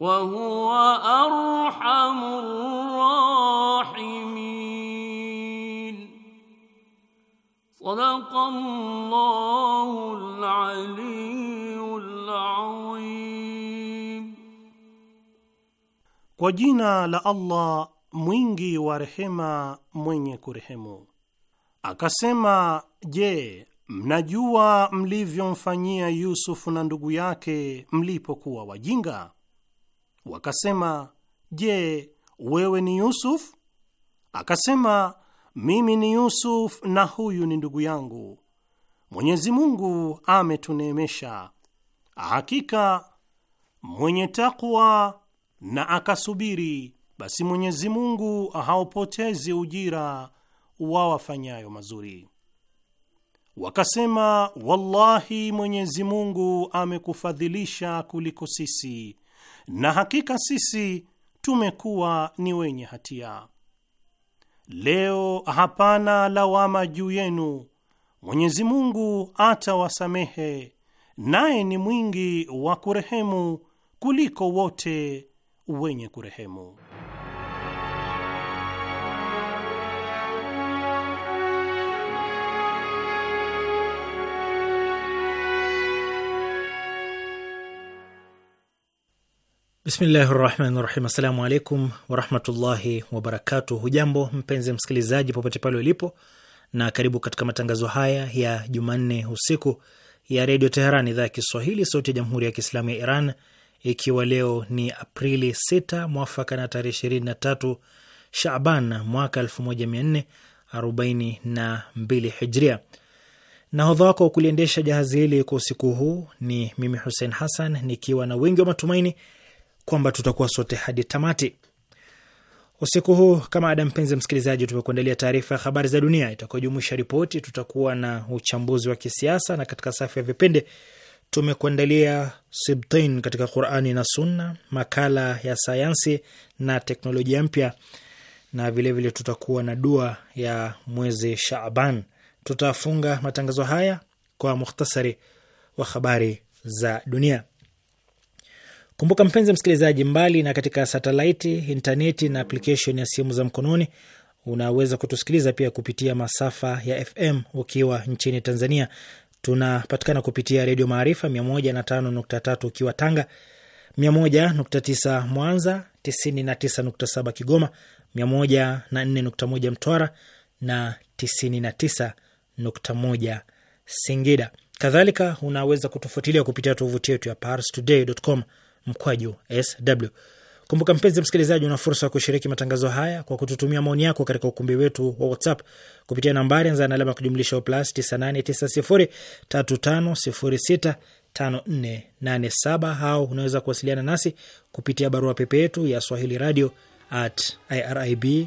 wa huwa arhamur rahimin. aliyyul azim. Kwa jina la Allah mwingi wa rehema mwenye kurehemu. Akasema, je, mnajua mlivyomfanyia Yusufu na ndugu yake mlipokuwa wajinga? Wakasema, je, wewe ni Yusuf? Akasema, mimi ni Yusuf na huyu ni ndugu yangu. Mwenyezi Mungu ametuneemesha. Hakika mwenye takwa na akasubiri, basi Mwenyezi Mungu haupotezi ujira wa wafanyayo mazuri. Wakasema, wallahi Mwenyezi Mungu amekufadhilisha kuliko sisi na hakika sisi tumekuwa ni wenye hatia. Leo hapana lawama juu yenu, Mwenyezi Mungu atawasamehe, naye ni mwingi wa kurehemu kuliko wote wenye kurehemu. Bismillahi rahmani rahim. Assalamu alaikum warahmatullahi wabarakatu. Hujambo mpenzi msikilizaji, popote pale ulipo, na karibu katika matangazo haya ya Jumanne usiku ya redio Teheran, idhaa ya Kiswahili, sauti ya jamhuri ya kiislamu ya Iran, ikiwa leo ni Aprili 6 mwafaka na tarehe 23 Shaban mwaka 1442 Hijria. Nahodha wako wa kuliendesha jahazi hili kwa usiku huu ni mimi Hussein Hassan, nikiwa na wingi wa matumaini kwamba tutakuwa sote hadi tamati usiku huu. Kama ada, mpenzi msikilizaji, tumekuandalia taarifa ya habari za dunia itakayojumuisha ripoti, tutakuwa na uchambuzi wa kisiasa, na katika safu ya vipindi tumekuandalia Sibtain katika Qurani na Sunna, makala ya sayansi na teknolojia mpya, na vilevile vile tutakuwa na dua ya mwezi Shaaban. Tutafunga matangazo haya kwa mukhtasari wa habari za dunia. Kumbuka mpenzi msikilizaji, mbali na katika satelaiti, intaneti na aplikeshon ya simu za mkononi, unaweza kutusikiliza pia kupitia masafa ya FM. Ukiwa nchini Tanzania, tunapatikana kupitia Redio Maarifa 105.3 ukiwa Tanga, 101.9 Mwanza, 99.7 Kigoma, 104.1 Mtwara na 99.1 Singida. Kadhalika unaweza kutufuatilia kupitia tovuti yetu ya parstoday.com mkwaju sw. Kumbuka mpenzi msikilizaji, una fursa ya kushiriki matangazo haya kwa kututumia maoni yako katika ukumbi wetu wa WhatsApp kupitia nambari anza na alama kujumlisha plus 989035065487 au unaweza kuwasiliana nasi kupitia barua pepe yetu ya swahili radio at irib ir.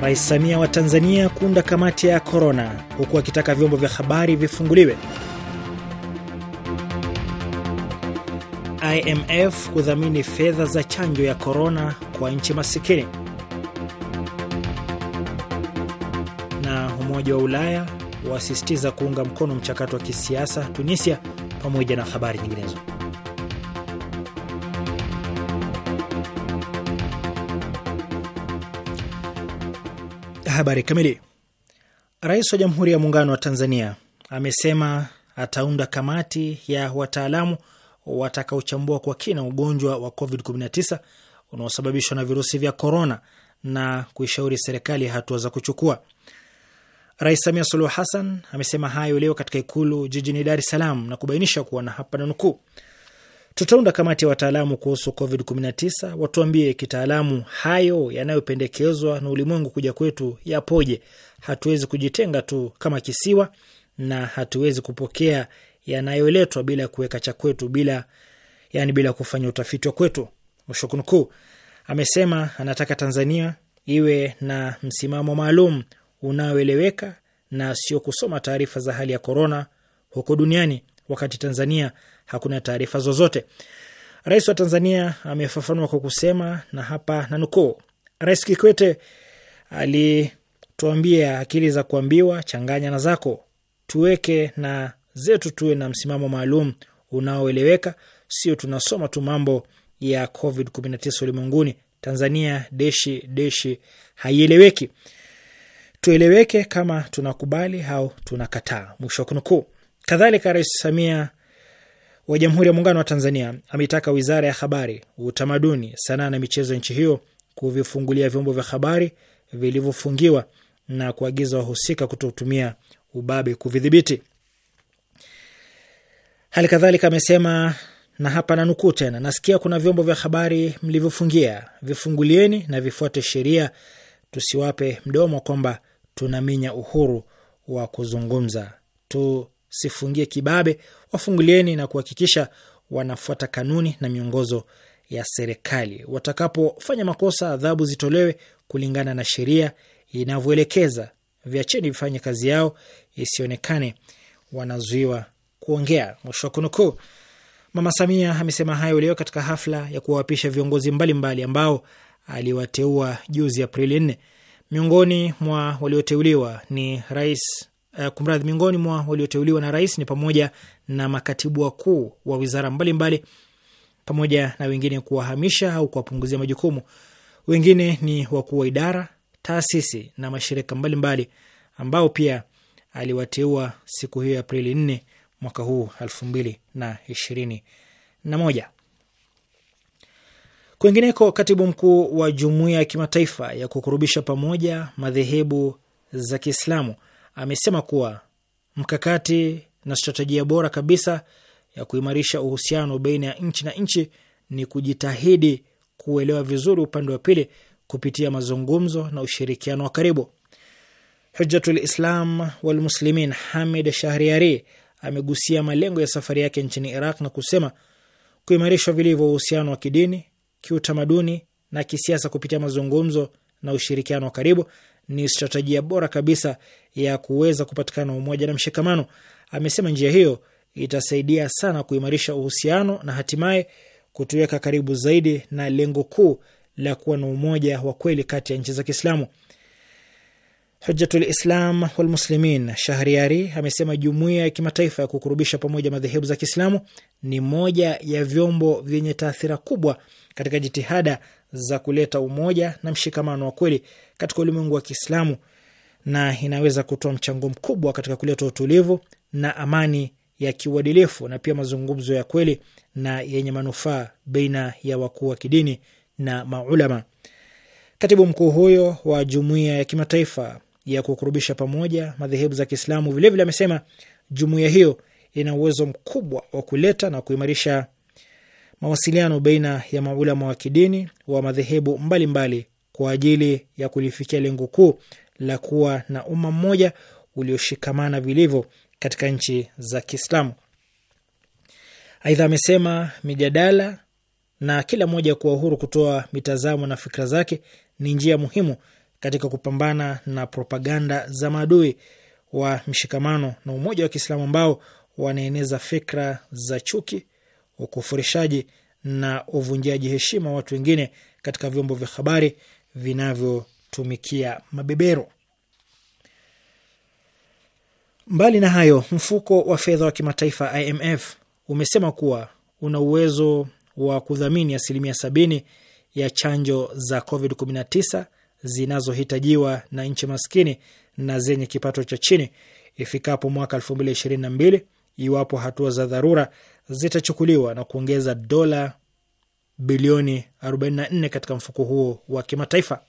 Rais Samia wa Tanzania kuunda kamati ya korona, huku akitaka vyombo vya habari vifunguliwe. IMF kudhamini fedha za chanjo ya korona kwa nchi masikini, na Umoja wa Ulaya wasisitiza kuunga mkono mchakato wa kisiasa Tunisia, pamoja na habari nyinginezo. Habari kamili. Rais wa Jamhuri ya Muungano wa Tanzania amesema ataunda kamati ya wataalamu watakaochambua kwa kina ugonjwa wa COVID-19 unaosababishwa na virusi vya korona na kuishauri serikali hatua za kuchukua. Rais Samia Suluhu Hassan amesema hayo leo katika Ikulu jijini Dar es Salaam na kubainisha kuwa na hapa na nukuu Tutaunda kamati ya wataalamu kuhusu COVID-19, watuambie kitaalamu hayo yanayopendekezwa na ulimwengu kuja kwetu yapoje. Hatuwezi kujitenga tu kama kisiwa, na hatuwezi kupokea yanayoletwa bila kuweka cha kwetu, bila yani, bila kufanya utafiti wa kwetu, mwisho kunukuu. Amesema anataka Tanzania iwe na msimamo maalum unaoeleweka na sio kusoma taarifa za hali ya korona huko duniani, wakati Tanzania hakuna taarifa zozote. Rais wa Tanzania amefafanua kwa kusema, na hapa nukuu, Rais Kikwete alituambia akili za kuambiwa changanya na zako, tuweke na zetu, tuwe na msimamo maalum unaoeleweka, sio tunasoma tu mambo ya Covid 19 ulimwenguni. Tanzania deshi deshi haieleweki, tueleweke kama tunakubali au tunakataa, mwisho wa kunukuu. Kadhalika, Rais Samia wa Jamhuri ya Muungano wa Tanzania ameitaka Wizara ya Habari, Utamaduni, Sanaa na Michezo ya nchi hiyo kuvifungulia vyombo vya habari vilivyofungiwa na kuagiza wahusika kutotumia ubabe kuvidhibiti. Hali kadhalika amesema na hapa nanukuu tena, nasikia kuna vyombo vya habari mlivyofungia, vifungulieni na vifuate sheria, tusiwape mdomo kwamba tunaminya uhuru wa kuzungumza, tusifungie kibabe wafungulieni na kuhakikisha wanafuata kanuni na miongozo ya serikali. Watakapofanya makosa, adhabu zitolewe kulingana na sheria inavyoelekeza. Viacheni vifanye kazi yao, isionekane wanazuiwa kuongea. Mwisho wa kunukuu. Mama Samia amesema hayo leo katika hafla ya kuwaapisha viongozi mbalimbali mbali ambao aliwateua juzi Aprili nne. Miongoni mwa walioteuliwa ni rais uh, kumradhi, miongoni mwa walioteuliwa na rais ni pamoja na makatibu wakuu wa wizara mbalimbali pamoja na wengine kuwahamisha au kuwapunguzia majukumu. Wengine ni wakuu wa idara, taasisi na mashirika mbalimbali mbali, ambao pia aliwateua siku hiyo ya Aprili 4 mwaka huu elfu mbili na ishirini na moja. Kwingineko, katibu mkuu wa jumuiya ya kimataifa ya kukurubisha pamoja madhehebu za Kiislamu amesema kuwa mkakati na stratejia bora kabisa ya kuimarisha uhusiano baina ya nchi na nchi ni kujitahidi kuelewa vizuri upande wa pili kupitia mazungumzo na ushirikiano wa karibu. Hujjatul Islam wal Muslimin Hamid Shahriari amegusia malengo ya safari yake nchini Iraq na kusema kuimarishwa vilivyo uhusiano wa kidini, kiutamaduni na kisiasa kupitia mazungumzo na ushirikiano wa karibu ni stratejia bora kabisa ya kuweza kupatikana umoja na mshikamano. Amesema njia hiyo itasaidia sana kuimarisha uhusiano na hatimaye kutuweka karibu zaidi na lengo kuu la kuwa na umoja wa kweli kati ya nchi za Kiislamu. Hujjatul Islam Shahriari amesema jumuiya ya kimataifa ya kukurubisha pamoja madhehebu za Kiislamu ni moja ya vyombo vyenye taathira kubwa katika jitihada za kuleta umoja na mshikamano wa kweli katika ulimwengu wa Kiislamu na inaweza kutoa mchango mkubwa katika kuleta utulivu na amani ya kiuadilifu na pia mazungumzo ya kweli na yenye manufaa baina ya wakuu wa kidini na maulama. Katibu mkuu huyo wa jumuiya ya kimataifa ya kukurubisha pamoja madhehebu za Kiislamu vilevile amesema jumuiya hiyo ina uwezo mkubwa wa kuleta na kuimarisha mawasiliano baina ya maulama wa kidini wa madhehebu mbalimbali kwa ajili ya kulifikia lengo kuu la kuwa na umma mmoja ulioshikamana vilivyo katika nchi za Kiislamu. Aidha amesema mijadala na kila mmoja kuwa uhuru kutoa mitazamo na fikra zake ni njia muhimu katika kupambana na propaganda za maadui wa mshikamano na umoja wa Kiislamu ambao wanaeneza fikra za chuki, ukufurishaji na uvunjiaji heshima watu wengine katika vyombo vya habari vinavyotumikia mabeberu. Mbali na hayo, mfuko wa fedha wa kimataifa IMF umesema kuwa una uwezo wa kudhamini asilimia sabini ya chanjo za COVID-19 zinazohitajiwa na nchi maskini na zenye kipato cha chini ifikapo mwaka 2022 iwapo hatua za dharura zitachukuliwa na kuongeza dola bilioni 44 katika mfuko huo wa kimataifa.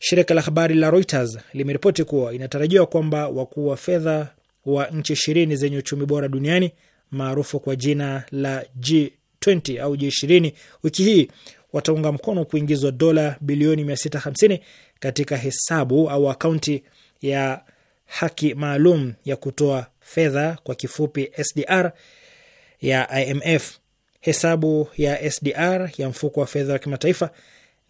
Shirika la habari la Reuters limeripoti kuwa inatarajiwa kwamba wakuu wa fedha wa nchi ishirini zenye uchumi bora duniani maarufu kwa jina la G20 au G20 wiki hii wataunga mkono kuingizwa dola bilioni 650 katika hesabu au akaunti ya haki maalum ya kutoa fedha kwa kifupi SDR ya IMF. Hesabu ya SDR ya mfuko wa fedha wa kimataifa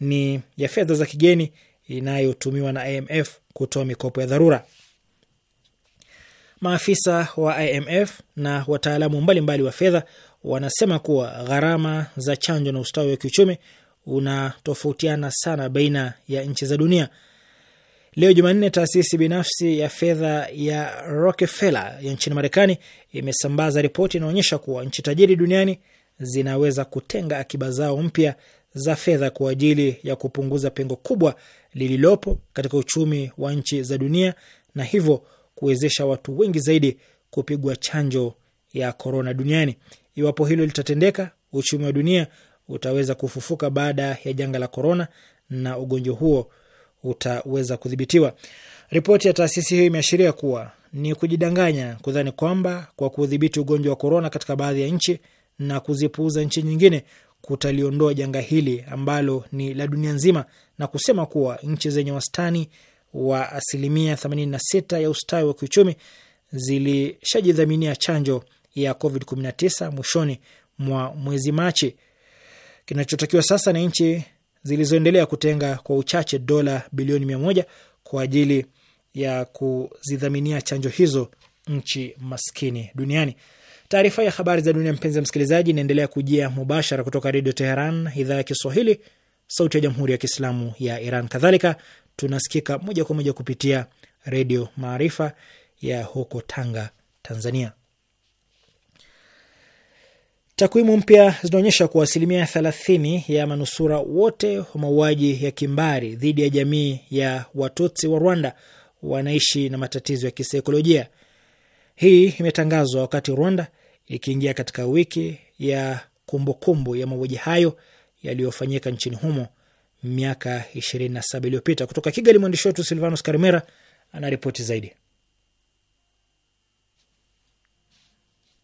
ni ya fedha za kigeni inayotumiwa na IMF kutoa mikopo ya dharura. Maafisa wa IMF na wataalamu mbalimbali wa fedha wanasema kuwa gharama za chanjo na ustawi wa kiuchumi unatofautiana sana baina ya nchi za dunia. Leo Jumanne, taasisi binafsi ya fedha ya Rockefeller ya nchini Marekani imesambaza ripoti inaonyesha kuwa nchi tajiri duniani zinaweza kutenga akiba zao mpya za fedha kwa ajili ya kupunguza pengo kubwa lililopo katika uchumi wa nchi za dunia na hivyo kuwezesha watu wengi zaidi kupigwa chanjo ya korona duniani. Iwapo hilo litatendeka, uchumi wa dunia utaweza kufufuka baada ya janga la korona na ugonjwa huo utaweza kudhibitiwa. Ripoti ya taasisi hiyo imeashiria kuwa ni kujidanganya kudhani kwamba kwa kudhibiti ugonjwa wa korona katika baadhi ya nchi na kuzipuuza nchi nyingine kutaliondoa janga hili ambalo ni la dunia nzima, na kusema kuwa nchi zenye wastani wa asilimia 86 ya ustawi wa kiuchumi zilishajidhaminia chanjo ya COVID-19 mwishoni mwa mwezi Machi. Kinachotakiwa sasa na nchi zilizoendelea kutenga kwa uchache dola bilioni mia moja kwa ajili ya kuzidhaminia chanjo hizo nchi maskini duniani. Taarifa ya habari za dunia, mpenzi msikilizaji, inaendelea kujia mubashara kutoka Redio Teheran, idhaa ya Kiswahili, sauti ya Jamhuri ya Kiislamu ya Iran. Kadhalika tunasikika moja kwa moja kupitia Redio Maarifa ya huko Tanga, Tanzania. Takwimu mpya zinaonyesha kuwa asilimia thelathini ya manusura wote wa mauaji ya kimbari dhidi ya jamii ya Watutsi wa Rwanda wanaishi na matatizo ya kisaikolojia. Hii imetangazwa wakati Rwanda ikiingia katika wiki ya kumbukumbu kumbu ya mauaji hayo yaliyofanyika nchini humo miaka 27 iliyopita. Kutoka Kigali, mwandishi wetu Silvanus Karimera anaripoti zaidi.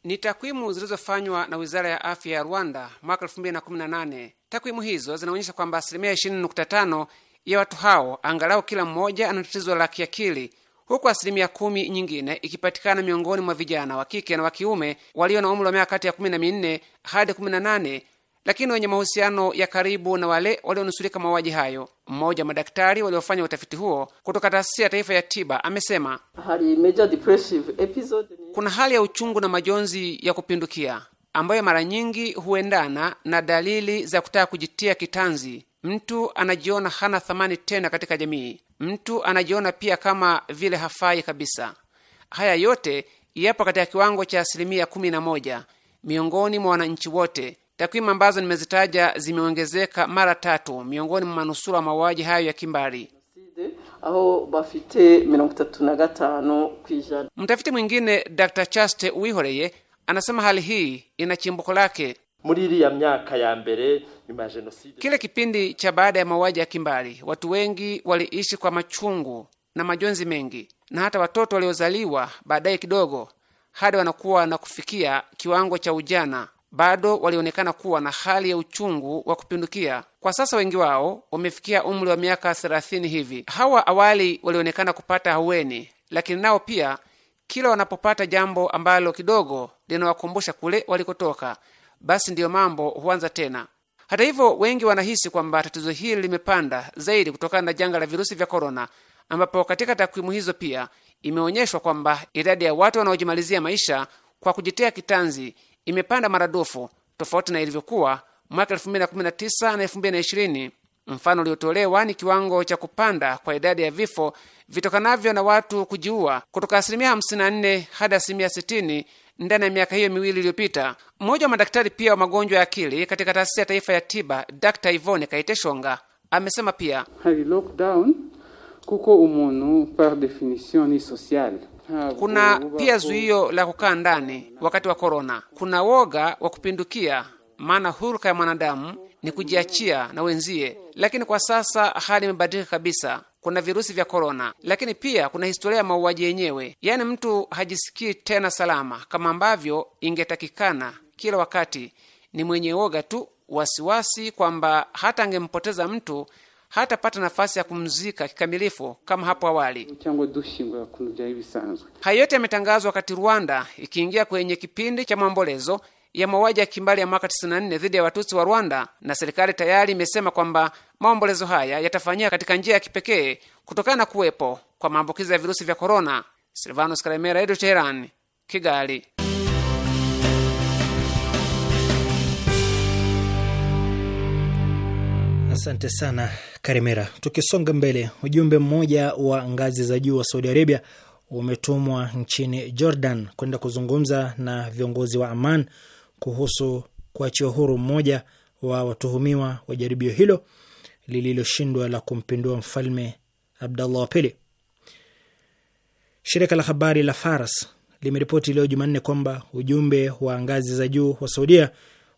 Ni takwimu zilizofanywa na wizara ya afya ya Rwanda mwaka 2018. Takwimu hizo zinaonyesha kwamba asilimia 20.5 ya watu hao angalau kila mmoja ana tatizo la kiakili huku asilimia kumi nyingine ikipatikana miongoni mwa vijana wa kike na wa kiume walio na umri wa miaka kati ya kumi na minne hadi na nane lakini wenye mahusiano ya karibu na wale walionusurika mauaji hayo. Mmoja wa madaktari waliofanya utafiti huo kutoka taasisi ya taifa ya tiba amesema kuna hali ya uchungu na majonzi ya kupindukia ambayo mara nyingi huendana na dalili za kutaka kujitia kitanzi Mtu anajiona hana thamani tena katika jamii. Mtu anajiona pia kama vile hafai kabisa. Haya yote yapo katika kiwango cha asilimia kumi na moja miongoni mwa wananchi wote. Takwimu ambazo nimezitaja zimeongezeka mara tatu miongoni mwa manusura wa mauaji hayo ya kimbari. Mtafiti mwingine Dr Chaste Wihoreye anasema hali hii ina chimbuko lake muri ya myaka ya mbere nyuma ya genocide. Kile kipindi cha baada ya mauaji ya kimbari, watu wengi waliishi kwa machungu na majonzi mengi, na hata watoto waliozaliwa baadaye kidogo hadi wanakuwa na kufikia kiwango cha ujana bado walionekana kuwa na hali ya uchungu wa kupindukia. Kwa sasa wengi wao wamefikia umri wa miaka thelathini hivi. Hawa awali walionekana kupata haweni, lakini nao pia kila wanapopata jambo ambalo kidogo linawakumbusha kule walikotoka basi ndiyo mambo huanza tena. Hata hivyo, wengi wanahisi kwamba tatizo hili limepanda zaidi kutokana na janga la virusi vya korona, ambapo katika takwimu hizo pia imeonyeshwa kwamba idadi ya watu wanaojimalizia maisha kwa kujitea kitanzi imepanda maradufu tofauti na ilivyokuwa mwaka 2019 na 2020. Mfano uliotolewa ni kiwango cha kupanda kwa idadi ya vifo vitokanavyo na watu kujiua kutoka asilimia 54 hadi asilimia 60 ndani ya miaka hiyo miwili iliyopita. Mmoja wa madaktari pia wa magonjwa ya akili katika taasisi ya taifa ya tiba, Dr Ivone Kaiteshonga amesema pia kuko umuntu par definition ni social kuna pia zuio la kukaa ndani wakati wa korona, kuna woga wa kupindukia, maana huruka ya mwanadamu ni kujiachia na wenzie, lakini kwa sasa hali imebadilika kabisa. Kuna virusi vya korona, lakini pia kuna historia ya mauaji yenyewe, yaani mtu hajisikii tena salama kama ambavyo ingetakikana. Kila wakati ni mwenye woga tu, wasiwasi kwamba hata angempoteza mtu hatapata nafasi ya kumzika kikamilifu kama hapo awali. Hayo yote yametangazwa wakati Rwanda ikiingia kwenye kipindi cha maombolezo ya mauaji ya kimbali ya mwaka 94 dhidi ya Watutsi wa Rwanda, na serikali tayari imesema kwamba maombolezo haya yatafanyika katika njia ya kipekee kutokana na kuwepo kwa maambukizi ya virusi vya korona. Silvanos Karemera, Edu Teheran, Kigali. Asante sana Karemera. Tukisonga mbele, ujumbe mmoja wa ngazi za juu wa Saudi Arabia umetumwa nchini Jordan kwenda kuzungumza na viongozi wa Aman kuhusu kuachiwa huru mmoja wa watuhumiwa wa jaribio hilo lililoshindwa la kumpindua mfalme Abdallah wa Pili. Shirika la habari la Faras limeripoti leo Jumanne kwamba ujumbe wa ngazi za juu wa Saudia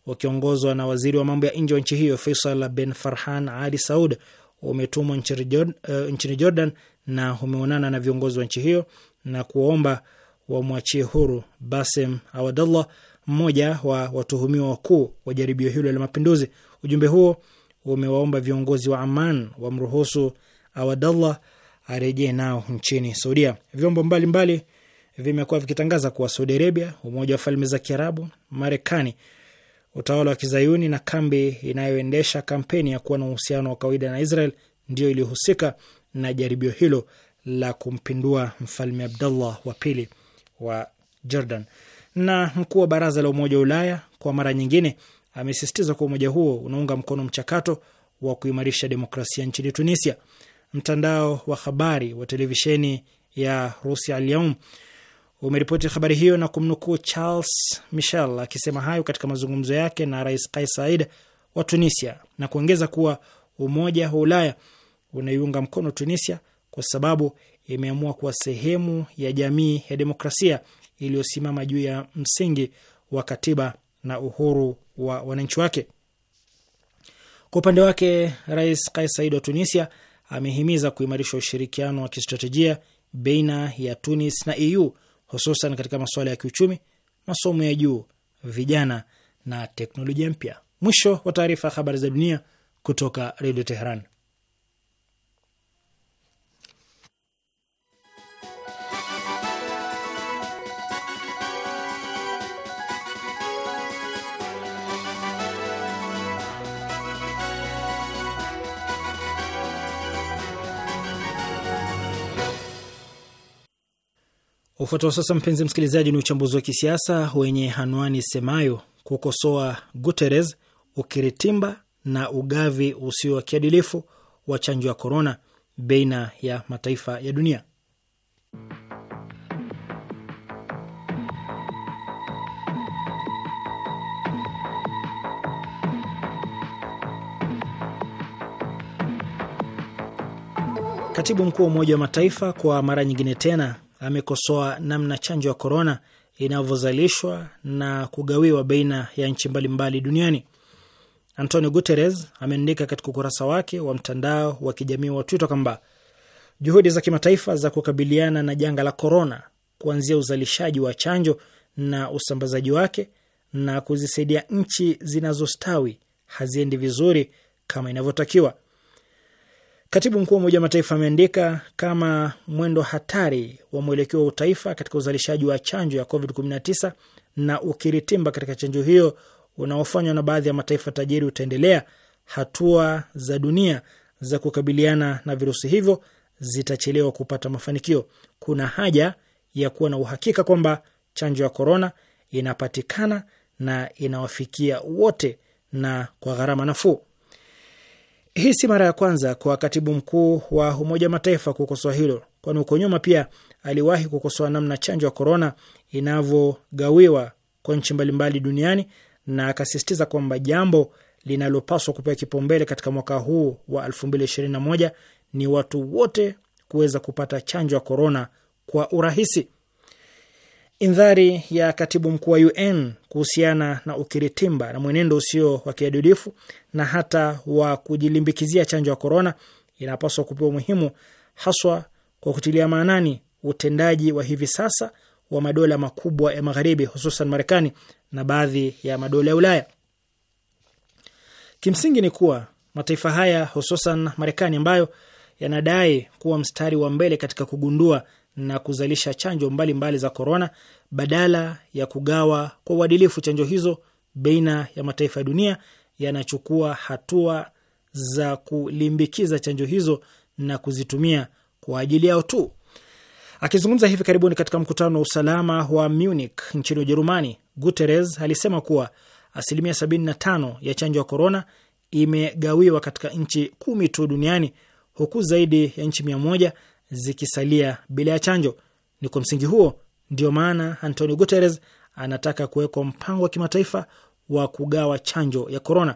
wakiongozwa na waziri wa mambo ya nje wa nchi hiyo Faisal bin Farhan Ali Saud umetumwa eh, nchini Jordan na umeonana na viongozi wa nchi hiyo na kuwaomba wamwachie huru Basem Awadallah mmoja wa watuhumiwa wakuu wa jaribio hilo la mapinduzi. Ujumbe huo umewaomba viongozi wa Aman wamruhusu Awadallah arejee nao nchini Saudia. Vyombo mbalimbali vimekuwa vikitangaza kuwa Saudi Arabia, Umoja wa Falme za Kiarabu, Marekani, utawala wa kizayuni na kambi inayoendesha kampeni ya kuwa na uhusiano wa kawaida na Israel ndiyo iliyohusika na jaribio hilo la kumpindua Mfalme Abdullah wa pili wa Jordan. Na mkuu wa baraza la Umoja wa Ulaya kwa mara nyingine amesisitiza kuwa umoja huo unaunga mkono mchakato wa kuimarisha demokrasia nchini Tunisia. Mtandao wa habari wa televisheni ya Rusia Alyaum umeripoti habari hiyo na kumnukuu Charles Michel akisema hayo katika mazungumzo yake na Rais Kais Saied wa Tunisia na kuongeza kuwa Umoja wa Ulaya unaiunga mkono Tunisia kwa sababu imeamua kuwa sehemu ya jamii ya demokrasia iliyosimama juu ya msingi wa katiba na uhuru wa wananchi wake. Kwa upande wake, Rais Kais Said wa Tunisia amehimiza kuimarisha ushirikiano wa kistratejia baina ya Tunis na EU hususan katika masuala ya kiuchumi, masomo ya juu, vijana na teknolojia mpya. Mwisho wa taarifa ya habari za dunia kutoka Redio Teheran. Ufuatao sasa, mpenzi msikilizaji, ni uchambuzi wa kisiasa wenye anwani semayo kukosoa Guterres, ukiritimba na ugavi usio wa kiadilifu wa chanjo ya korona baina ya mataifa ya dunia. Katibu mkuu wa Umoja wa Mataifa kwa mara nyingine tena amekosoa namna chanjo ya korona inavyozalishwa na kugawiwa baina ya nchi mbalimbali duniani. Antonio Guterres ameandika katika ukurasa wake wa mtandao wa kijamii wa Twitter kwamba juhudi za kimataifa za kukabiliana na janga la korona, kuanzia uzalishaji wa chanjo na usambazaji wake na kuzisaidia nchi zinazostawi haziendi vizuri kama inavyotakiwa. Katibu mkuu wa Umoja wa Mataifa ameandika kama mwendo hatari wa mwelekeo wa utaifa katika uzalishaji wa chanjo ya COVID-19 na ukiritimba katika chanjo hiyo unaofanywa na baadhi ya mataifa tajiri utaendelea, hatua za dunia za kukabiliana na virusi hivyo zitachelewa kupata mafanikio. Kuna haja ya kuwa na uhakika kwamba chanjo ya korona inapatikana na inawafikia wote na kwa gharama nafuu. Hii si mara ya kwanza kwa katibu mkuu wa Umoja Mataifa kukosoa hilo, kwani huko nyuma pia aliwahi kukosoa namna chanjo ya korona inavyogawiwa kwa nchi mbalimbali duniani na akasisitiza kwamba jambo linalopaswa kupewa kipaumbele katika mwaka huu wa 2021 ni watu wote kuweza kupata chanjo ya korona kwa urahisi. Indhari ya katibu mkuu wa UN kuhusiana na ukiritimba na mwenendo usio wa kiadilifu na hata wa kujilimbikizia chanjo ya korona inapaswa kupewa umuhimu haswa kwa kutilia maanani utendaji wa hivi sasa wa madola makubwa ya magharibi hususan Marekani na baadhi ya madola ya Ulaya. Kimsingi ni kuwa mataifa haya hususan Marekani ambayo yanadai kuwa mstari wa mbele katika kugundua na kuzalisha chanjo mbalimbali mbali za korona badala ya kugawa kwa uadilifu chanjo hizo baina ya mataifa ya dunia, yanachukua hatua za kulimbikiza chanjo hizo na kuzitumia kwa ajili yao tu. Akizungumza hivi karibuni katika mkutano wa usalama wa Munich nchini Ujerumani, Guterres alisema kuwa asilimia 75 ya chanjo ya korona imegawiwa katika nchi kumi tu duniani huku zaidi ya nchi mia moja zikisalia bila ya chanjo. Ni kwa msingi huo ndio maana Antonio Guterres anataka kuwekwa mpango wa kimataifa wa kugawa chanjo ya korona.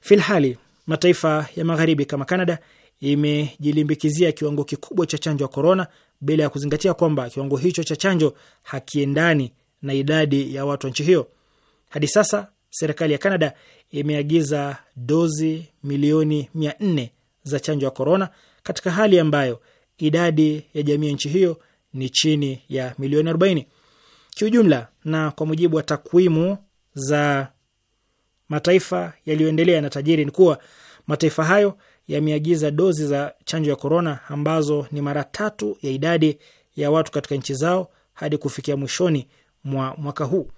Filhali mataifa ya magharibi kama Canada imejilimbikizia kiwango kikubwa cha chanjo ya korona bila ya kuzingatia kwamba kiwango hicho cha chanjo hakiendani na idadi ya watu wa nchi hiyo. Hadi sasa serikali ya Canada imeagiza dozi milioni mia nne za chanjo ya korona katika hali ambayo idadi ya jamii ya nchi hiyo ni chini ya milioni 40 kiujumla. Na kwa mujibu wa takwimu za mataifa yaliyoendelea na tajiri, ni kuwa mataifa hayo yameagiza dozi za chanjo ya korona ambazo ni mara tatu ya idadi ya watu katika nchi zao hadi kufikia mwishoni mwa mwaka huu.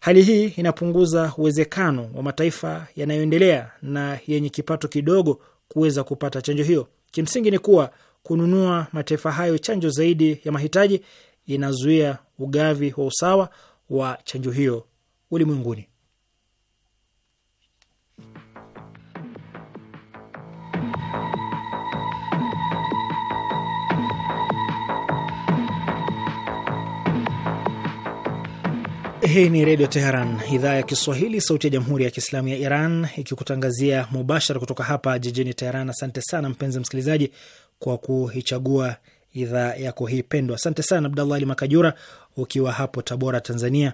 Hali hii inapunguza uwezekano wa mataifa yanayoendelea na yenye kipato kidogo kuweza kupata chanjo hiyo. Kimsingi ni kuwa kununua mataifa hayo chanjo zaidi ya mahitaji inazuia ugavi wa usawa wa chanjo hiyo ulimwenguni. Hii ni Redio Teheran, idhaa ya Kiswahili, sauti ya Jamhuri ya Kiislamu ya Iran, ikikutangazia mubashara kutoka hapa jijini Teheran. Asante sana mpenzi msikilizaji kwa kuichagua idhaa yako hii pendwa. Asante sana Abdallah Ali Makajura ukiwa hapo Tabora, Tanzania.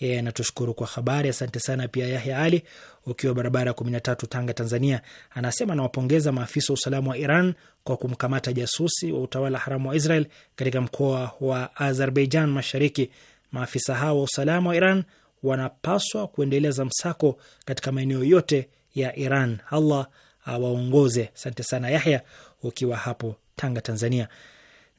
E, natushukuru kwa habari. Asante sana pia Yahya Ali ukiwa barabara ya kumi na tatu, Tanga, Tanzania, anasema anawapongeza maafisa wa usalama wa Iran kwa kumkamata jasusi wa utawala haramu wa Israel katika mkoa wa Azerbaijan Mashariki. Maafisa hao wa usalama wa Iran wanapaswa kuendeleza msako katika maeneo yote ya Iran. Allah awaongoze. Asante sana Yahya ukiwa hapo Tanga, Tanzania.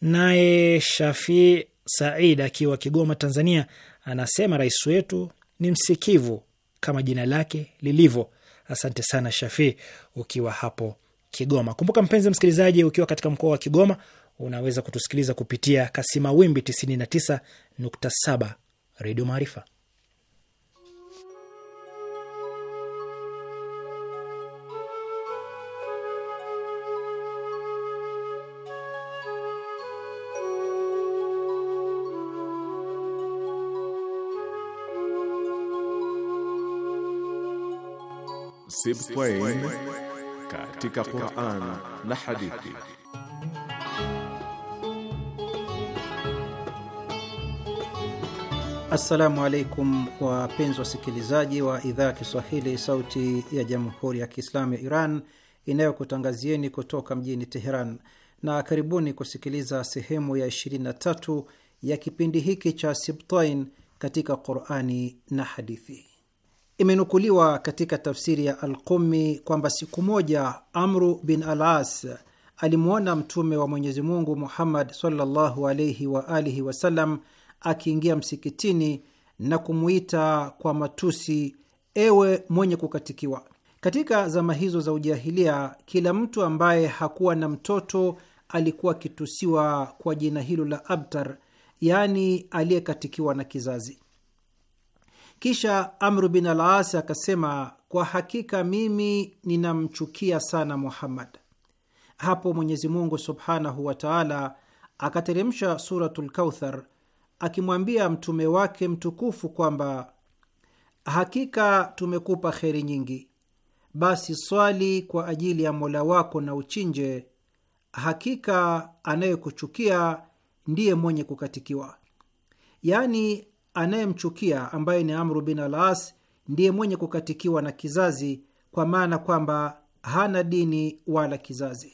Naye Shafi Said akiwa Kigoma, Tanzania, anasema rais wetu ni msikivu kama jina lake lilivyo. Asante sana Shafi ukiwa hapo Kigoma. Kumbuka mpenzi msikilizaji, ukiwa katika mkoa wa Kigoma unaweza kutusikiliza kupitia kasima wimbi 99.7 Redio Maarifa. Sibtain katika Qur'an na hadithi. Assalamu alaikum wapenzi wasikilizaji wa idhaa ya Kiswahili sauti ya Jamhuri ya Kiislamu ya Iran inayokutangazieni kutoka mjini Teheran na karibuni kusikiliza sehemu ya 23 ya kipindi hiki cha Sibtain katika Qur'ani na hadithi. Imenukuliwa katika tafsiri ya Alqumi kwamba siku moja Amru bin Alas alimwona Mtume wa Mwenyezi Mungu Muhammad sallallahu alaihi wa alihi wasallam akiingia msikitini na kumwita kwa matusi, ewe mwenye kukatikiwa. Katika zama hizo za ujahilia, kila mtu ambaye hakuwa na mtoto alikuwa akitusiwa kwa jina hilo la abtar, yaani aliyekatikiwa na kizazi. Kisha Amru bin al akasema, kwa hakika mimi ninamchukia sana Muhammad. Hapo Mwenyezi Mungu subhanahu wa taala akateremsha Suratul Kauthar akimwambia mtume wake mtukufu kwamba hakika tumekupa kheri nyingi, basi swali kwa ajili ya mola wako na uchinje. Hakika anayekuchukia ndiye mwenye kukatikiwa. Yaani, anayemchukia ambaye ni Amru bin Alas ndiye mwenye kukatikiwa na kizazi, kwa maana kwamba hana dini wala kizazi.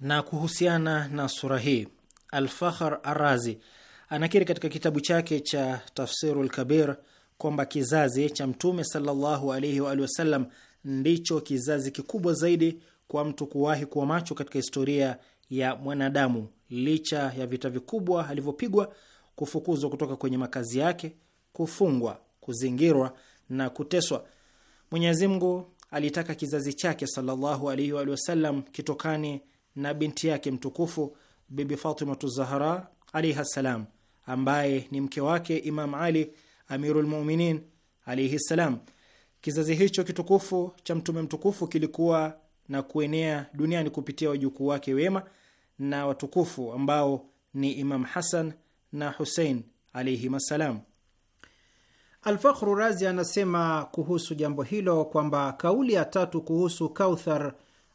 Na kuhusiana na sura hii, Alfahar Arazi anakiri katika kitabu chake cha Tafsiru lkabir kwamba kizazi cha Mtume sallallahu alaihi waalihi wasallam ndicho kizazi kikubwa zaidi kwa mtu kuwahi kuwa macho katika historia ya mwanadamu, licha ya vita vikubwa alivyopigwa kufukuzwa kutoka kwenye makazi yake, kufungwa, kuzingirwa na kuteswa. Mwenyezi Mungu alitaka kizazi chake sallallahu alaihi wa sallam kitokane na binti yake mtukufu Bibi Fatimatu Zahra alaihi ssalam, ambaye ni mke wake Imam Ali Amirul Mu'minin alaihi ssalam. Kizazi hicho kitukufu cha mtume mtukufu kilikuwa na kuenea duniani kupitia wajukuu wake wema na watukufu ambao ni Imam Hasan na Husein alaihim ssalam. Alfakhru Razi anasema kuhusu jambo hilo kwamba kauli ya tatu kuhusu Kauthar,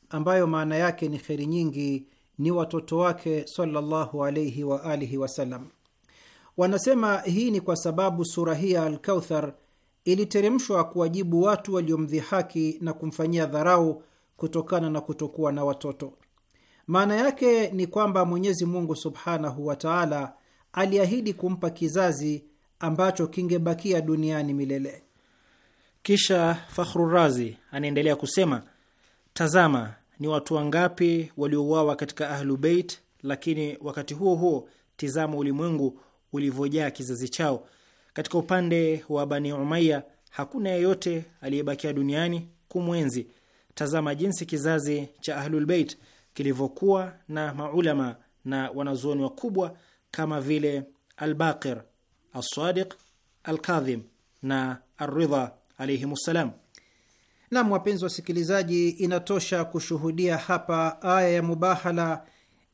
ambayo maana yake ni kheri nyingi, ni watoto wake sallallahu alaihi wa alihi wasallam. Wanasema hii ni kwa sababu sura hii ya Alkauthar iliteremshwa kuwajibu watu waliomdhihaki na kumfanyia dharau kutokana na kutokuwa na watoto. Maana yake ni kwamba Mwenyezi Mungu subhanahu wa taala aliahidi kumpa kizazi ambacho kingebakia duniani milele. Kisha Fakhrurazi anaendelea kusema, tazama ni watu wangapi waliouawa katika Ahlu Beit, lakini wakati huo huo tizama ulimwengu ulivyojaa kizazi chao. Katika upande wa Bani Umaya hakuna yeyote aliyebakia duniani kumwenzi. Tazama jinsi kizazi cha Ahlulbeit kilivyokuwa na maulama na wanazuoni wakubwa kama vile Albaqir, Alsadiq, Alkadhim na Arridha alaihimssalam. Nam, wapenzi wasikilizaji, inatosha kushuhudia hapa aya ya mubahala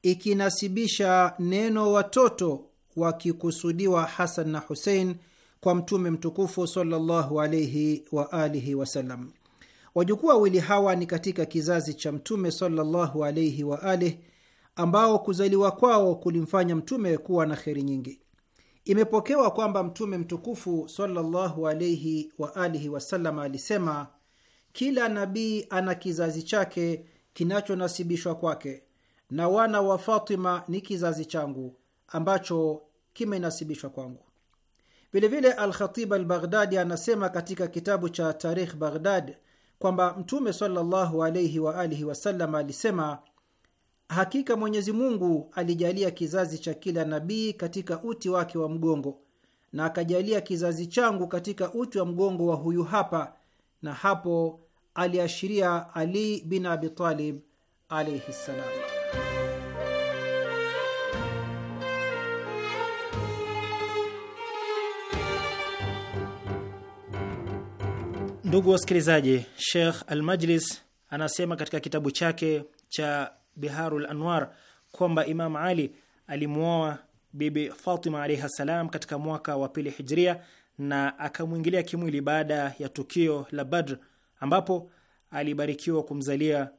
ikinasibisha neno watoto wakikusudiwa Hasan na Husein kwa Mtume mtukufu sallallahu alaihi wa alihi wasallam. Wajukuu wawili hawa ni katika kizazi cha Mtume sallallahu alaihi wa alihi ambao kuzaliwa kwao kulimfanya mtume kuwa na kheri nyingi. Imepokewa kwamba mtume mtukufu sallallahu alaihi wa alihi wasallam alisema, kila nabii ana kizazi chake kinachonasibishwa kwake, na wana wa Fatima ni kizazi changu ambacho kimenasibishwa kwangu. Vilevile Alkhatib Albaghdadi anasema katika kitabu cha Tarikh Baghdad kwamba mtume sallallahu alaihi wa alihi wasallam alisema Hakika Mwenyezi Mungu alijalia kizazi cha kila nabii katika uti wake wa mgongo, na akajalia kizazi changu katika uti wa mgongo wa huyu hapa. Na hapo aliashiria Ali bin Abi Talib alaihi ssalam. Ndugu wasikilizaji, Sheikh Almajlis anasema katika kitabu chake cha Biharul Anwar kwamba Imam Ali alimwoa Bibi Fatima alaihi salam katika mwaka wa pili hijria na akamwingilia kimwili baada ya tukio la Badr ambapo alibarikiwa kumzalia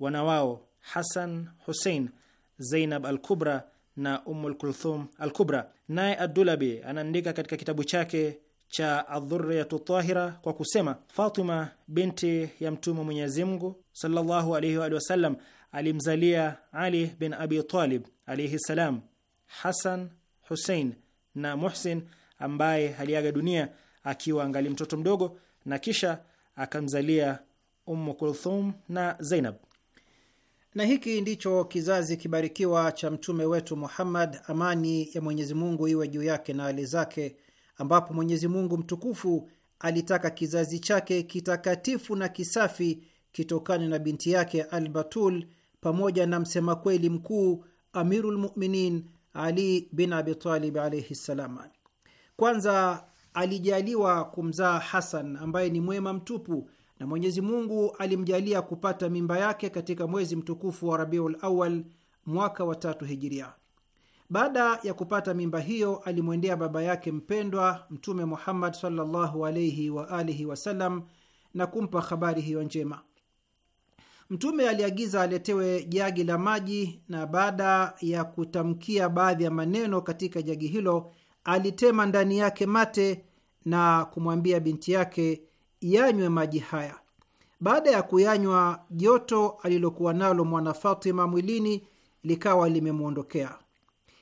wana wao Hasan, Husein, Zainab al Kubra na Ummul Kulthum al Kubra. Naye Adulabi anaandika katika kitabu chake cha Adhurriyatu Tahira kwa kusema, Fatima binti ya Mtume Mwenyezi Mungu sallallahu alaihi wa sallam alimzalia Ali bin Abi Talib alaihi salam Hasan, Husein na Muhsin ambaye aliaga dunia akiwa angali mtoto mdogo, na kisha akamzalia Ummu Kulthum na Zainab. Na hiki ndicho kizazi kibarikiwa cha mtume wetu Muhammad, amani ya Mwenyezi Mungu iwe juu yake na hali zake ambapo Mwenyezi Mungu mtukufu alitaka kizazi chake kitakatifu na kisafi kitokane na binti yake Albatul pamoja na msema kweli mkuu Amirul Muminin Ali bin Abitalib alaihi ssalam. Kwanza alijaliwa kumzaa Hasan ambaye ni mwema mtupu, na Mwenyezi Mungu alimjalia kupata mimba yake katika mwezi mtukufu wa Rabiul Awal mwaka wa tatu Hijiria. Baada ya kupata mimba hiyo, alimwendea baba yake mpendwa Mtume Muhammad sallallahu alaihi wa alihi wasallam na kumpa habari hiyo njema. Mtume aliagiza aletewe jagi la maji, na baada ya kutamkia baadhi ya maneno katika jagi hilo, alitema ndani yake mate na kumwambia binti yake yanywe maji haya. Baada ya kuyanywa, joto alilokuwa nalo mwana Fatima mwilini likawa limemwondokea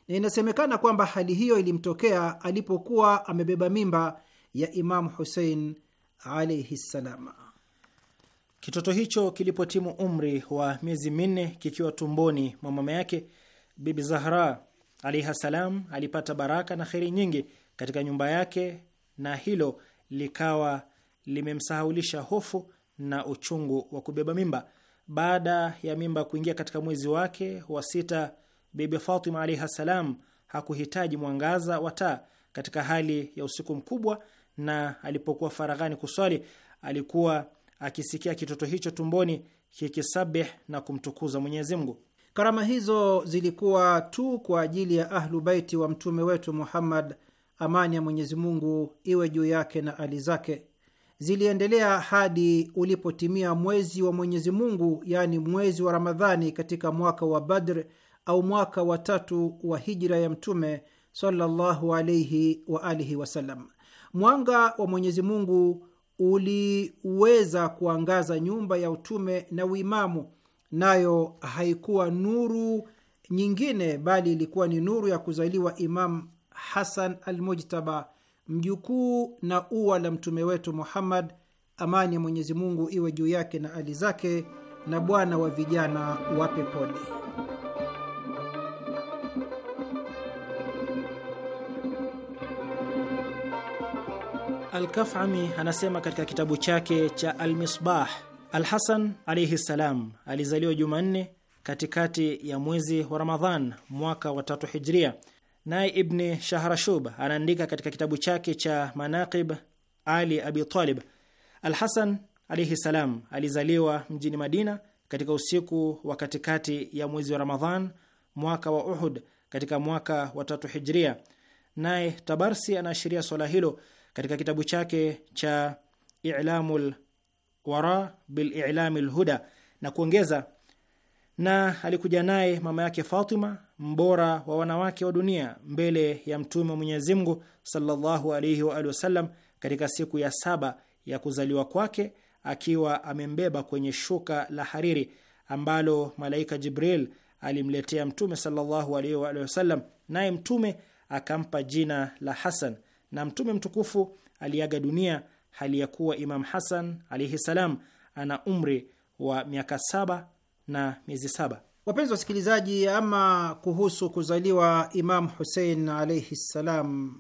na inasemekana kwamba hali hiyo ilimtokea alipokuwa amebeba mimba ya Imamu Husein alaihi ssalam. Kitoto hicho kilipotimu umri wa miezi minne kikiwa tumboni mwa mama yake, Bibi Zahra alaihi ssalam alipata baraka na kheri nyingi katika nyumba yake, na hilo likawa limemsahaulisha hofu na uchungu wa kubeba mimba. Baada ya mimba kuingia katika mwezi wake wa sita Bibi Fatima alaihi ssalam hakuhitaji mwangaza wa taa katika hali ya usiku mkubwa, na alipokuwa faraghani kuswali alikuwa akisikia kitoto hicho tumboni kikisabih na kumtukuza Mwenyezi Mungu. Karama hizo zilikuwa tu kwa ajili ya Ahlu Baiti wa mtume wetu Muhammad, amani ya Mwenyezi Mungu iwe juu yake na ali zake. Ziliendelea hadi ulipotimia mwezi wa Mwenyezi Mungu, yaani mwezi wa Ramadhani katika mwaka wa Badr au mwaka wa tatu wa hijra ya Mtume sallallahu alaihi wa alihi wasallam. Mwanga wa Mwenyezi Mungu uliweza kuangaza nyumba ya utume na uimamu, nayo haikuwa nuru nyingine bali ilikuwa ni nuru ya kuzaliwa Imam Hasan Almujtaba, mjukuu na ua la mtume wetu Muhammad, amani ya Mwenyezi Mungu iwe juu yake na ali zake, na bwana wa vijana wape pole. Al-Kafami anasema katika kitabu chake cha Al-Misbah, Al-Hasan alaihi ssalam alizaliwa Jumanne katikati ya mwezi wa Ramadhan mwaka wa tatu hijria. Naye Ibni Shahrashub anaandika katika kitabu chake cha Manaqib Ali Abi Talib, Al-Hasan alaihi ssalam alizaliwa mjini Madina katika usiku wa katikati ya mwezi wa Ramadhan mwaka wa Uhud katika mwaka wa tatu hijria. Naye Tabarsi anaashiria swala hilo katika kitabu chake cha I'lamul Wara bil I'lamil Huda na kuongeza, na alikuja naye mama yake Fatima, mbora wa wanawake wa dunia, mbele ya mtume wa Mwenyezi Mungu sallallahu alayhi wa alihi wasallam katika siku ya saba ya kuzaliwa kwake, akiwa amembeba kwenye shuka la hariri ambalo malaika Jibril alimletea mtume sallallahu alayhi wa alihi wasallam, naye mtume akampa jina la Hasan na Mtume mtukufu aliaga dunia hali ya kuwa Imam Hasan alaihi salam ana umri wa miaka saba na miezi saba. Wapenzi wasikilizaji, ama kuhusu kuzaliwa Imam Husein alaihi ssalam,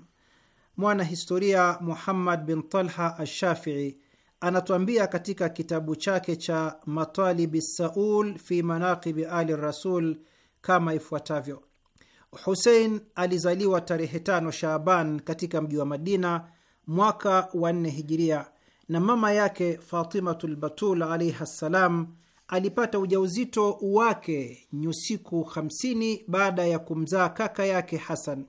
mwanahistoria Muhammad bin Talha Ashafii anatuambia katika kitabu chake cha Matalibi Saul fi Manaqibi Ali Rasul kama ifuatavyo: Husein alizaliwa tarehe tano Shaaban katika mji wa Madina mwaka wa nne hijiria, na mama yake Fatimatu Lbatul alaihi ssalam alipata ujauzito wake nyusiku 50 baada ya kumzaa kaka yake Hasan.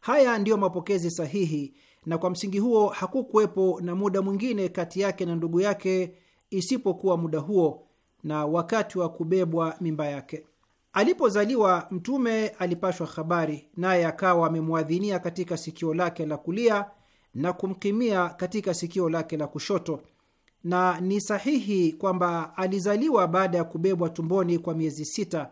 Haya ndiyo mapokezi sahihi, na kwa msingi huo hakukuwepo na muda mwingine kati yake na ndugu yake isipokuwa muda huo na wakati wa kubebwa mimba yake. Alipozaliwa Mtume alipashwa habari, naye akawa amemwadhinia katika sikio lake la kulia na kumkimia katika sikio lake la kushoto, na ni sahihi kwamba alizaliwa baada ya kubebwa tumboni kwa miezi sita.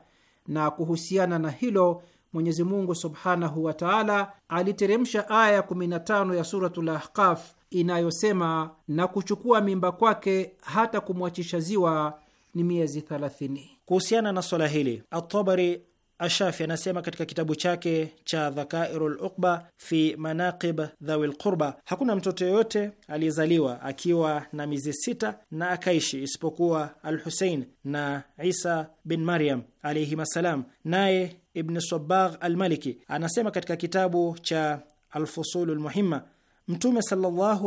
Na kuhusiana na hilo Mwenyezi Mungu subhanahu wa taala aliteremsha aya 15 ya Suratul Ahqaf inayosema, na kuchukua mimba kwake hata kumwachisha ziwa ni miezi thelathini. Kuhusiana na swala hili, Atabari Ashafi anasema katika kitabu chake cha Dhakairu Luqba fi Manaqib Dhawi Lqurba, hakuna mtoto yoyote aliyezaliwa akiwa na miezi sita na akaishi isipokuwa Al Husein na Isa bin Maryam alaihim assalam. Naye Ibn Sabagh Almaliki anasema katika kitabu cha Alfusulu lmuhima Mtume sallallahu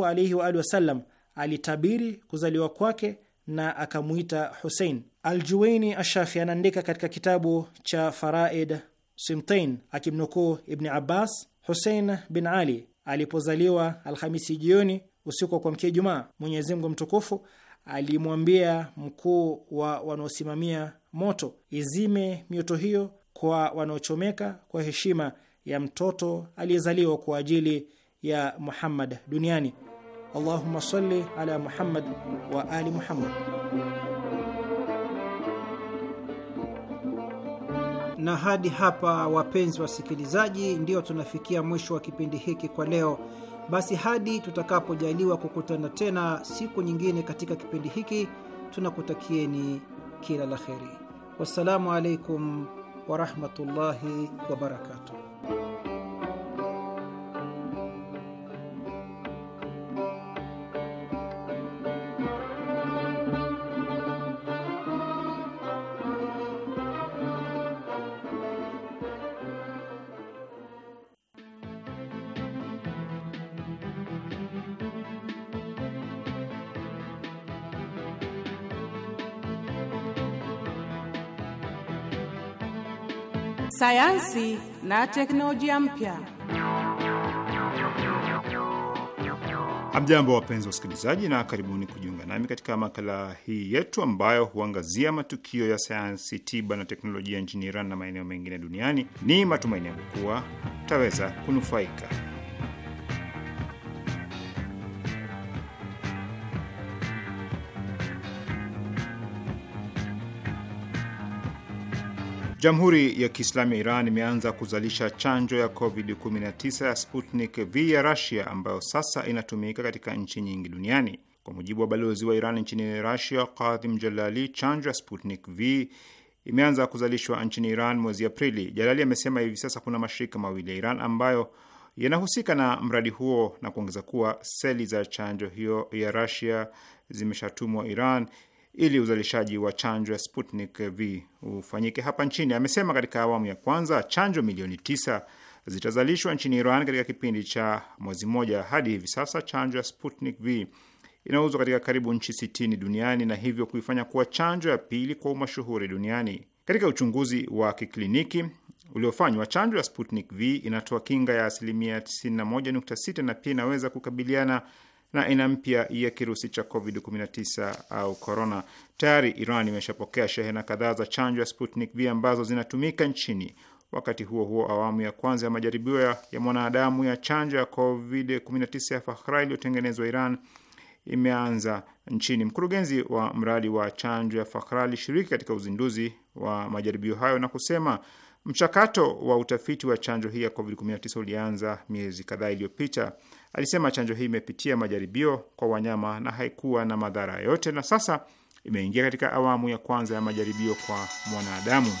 wasallam alitabiri kuzaliwa kwake na akamwita Husein. Aljuwaini Ashafi anaandika katika kitabu cha Faraid Simtain akimnukuu Ibni Abbas, Husein bin Ali alipozaliwa Alhamisi jioni usiku wa kuamkia Ijumaa, Mwenyezi Mungu mtukufu alimwambia mkuu wa wanaosimamia moto, izime mioto hiyo kwa wanaochomeka kwa heshima ya mtoto aliyezaliwa kwa ajili ya Muhammad duniani. Allahumma salli ala Muhammad wa ali Muhammad. na hadi hapa, wapenzi wasikilizaji, ndio tunafikia mwisho wa kipindi hiki kwa leo. Basi hadi tutakapojaliwa kukutana tena siku nyingine katika kipindi hiki, tunakutakieni kila la heri. Wassalamu alaikum warahmatullahi wabarakatu. sayansi na teknolojia mpya. Hamjambo, wapenzi wa usikilizaji, na karibuni kujiunga nami katika makala hii yetu ambayo huangazia matukio ya sayansi, tiba na teknolojia nchini Iran na maeneo mengine duniani. Ni matumaini yangu kuwa taweza kunufaika. Jamhuri ya Kiislamu ya Iran imeanza kuzalisha chanjo ya COVID-19 ya Sputnik V ya Rusia ambayo sasa inatumika katika nchi nyingi duniani. Kwa mujibu wa balozi wa Iran nchini Rusia, Kadhim Jalali, chanjo ya Sputnik V imeanza kuzalishwa nchini Iran mwezi Aprili. Jalali amesema hivi sasa kuna mashirika mawili ya Iran ambayo yanahusika na mradi huo na kuongeza kuwa seli za chanjo hiyo ya Rusia zimeshatumwa Iran ili uzalishaji wa chanjo ya Sputnik V ufanyike hapa nchini. Amesema katika awamu ya kwanza chanjo milioni tisa zitazalishwa nchini Iran katika kipindi cha mwezi mmoja. Hadi hivi sasa chanjo ya Sputnik V inauzwa katika karibu nchi sitini duniani na hivyo kuifanya kuwa chanjo ya pili kwa umashuhuri duniani. Katika uchunguzi wa kikliniki uliofanywa, chanjo ya Sputnik V inatoa kinga ya asilimia 91.6 na pia inaweza kukabiliana na aina mpya ya kirusi cha COVID-19 au corona. Tayari Iran imeshapokea shehena kadhaa za chanjo ya Sputnik V ambazo zinatumika nchini. Wakati huo huo, awamu ya kwanza ya majaribio ya, ya mwanadamu ya chanjo ya COVID-19 ya Fakhra iliyotengenezwa Iran imeanza nchini. Mkurugenzi wa mradi wa chanjo ya Fakhra alishiriki katika uzinduzi wa majaribio hayo na kusema mchakato wa utafiti wa chanjo hii ya COVID-19 ulianza miezi kadhaa iliyopita. Alisema chanjo hii imepitia majaribio kwa wanyama na haikuwa na madhara yote, na sasa imeingia katika awamu ya kwanza ya majaribio kwa mwanadamu.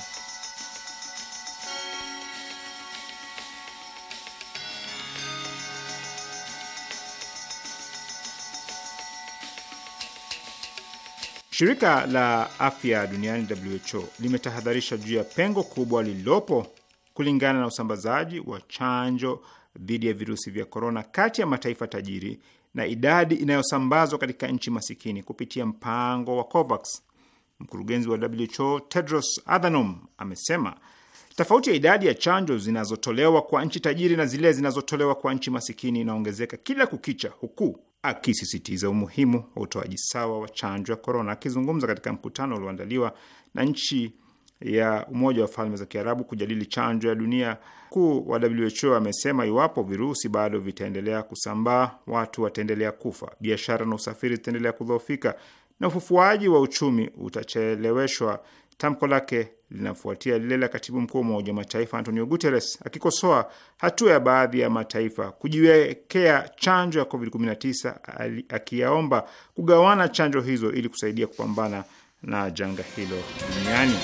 Shirika la afya duniani WHO limetahadharisha juu ya pengo kubwa lililopo kulingana na usambazaji wa chanjo dhidi ya virusi vya korona kati ya mataifa tajiri na idadi inayosambazwa katika nchi masikini kupitia mpango wa COVAX. Mkurugenzi wa WHO Tedros Adhanom amesema tofauti ya idadi ya chanjo zinazotolewa kwa nchi tajiri na zile zinazotolewa kwa nchi masikini inaongezeka kila kukicha, huku akisisitiza umuhimu wa utoaji sawa wa chanjo ya korona. Akizungumza katika mkutano ulioandaliwa na nchi ya Umoja wa Falme za Kiarabu kujadili chanjo ya dunia. Mkuu wa WHO amesema iwapo virusi bado vitaendelea kusambaa, watu wataendelea kufa, biashara na usafiri zitaendelea kudhoofika na ufufuaji wa uchumi utacheleweshwa. Tamko lake linafuatia lile la katibu mkuu wa Umoja wa Mataifa Antonio Guterres akikosoa hatua ya baadhi ya mataifa kujiwekea chanjo ya COVID-19, akiyaomba kugawana chanjo hizo ili kusaidia kupambana na janga hilo duniani.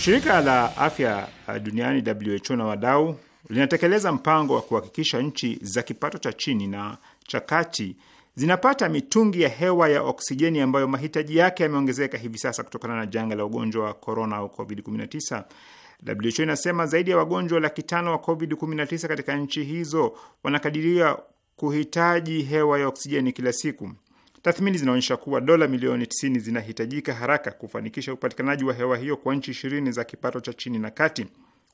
Shirika la afya uh, duniani WHO na wadau linatekeleza mpango wa kuhakikisha nchi za kipato cha chini na cha kati zinapata mitungi ya hewa ya oksijeni ambayo mahitaji yake yameongezeka hivi sasa kutokana na janga la ugonjwa wa korona au COVID-19. WHO inasema zaidi ya wagonjwa laki tano wa COVID-19 katika nchi hizo wanakadiria kuhitaji hewa ya oksijeni kila siku. Tathmini zinaonyesha kuwa dola milioni 90 zinahitajika haraka kufanikisha upatikanaji wa hewa hiyo kwa nchi ishirini za kipato cha chini na kati.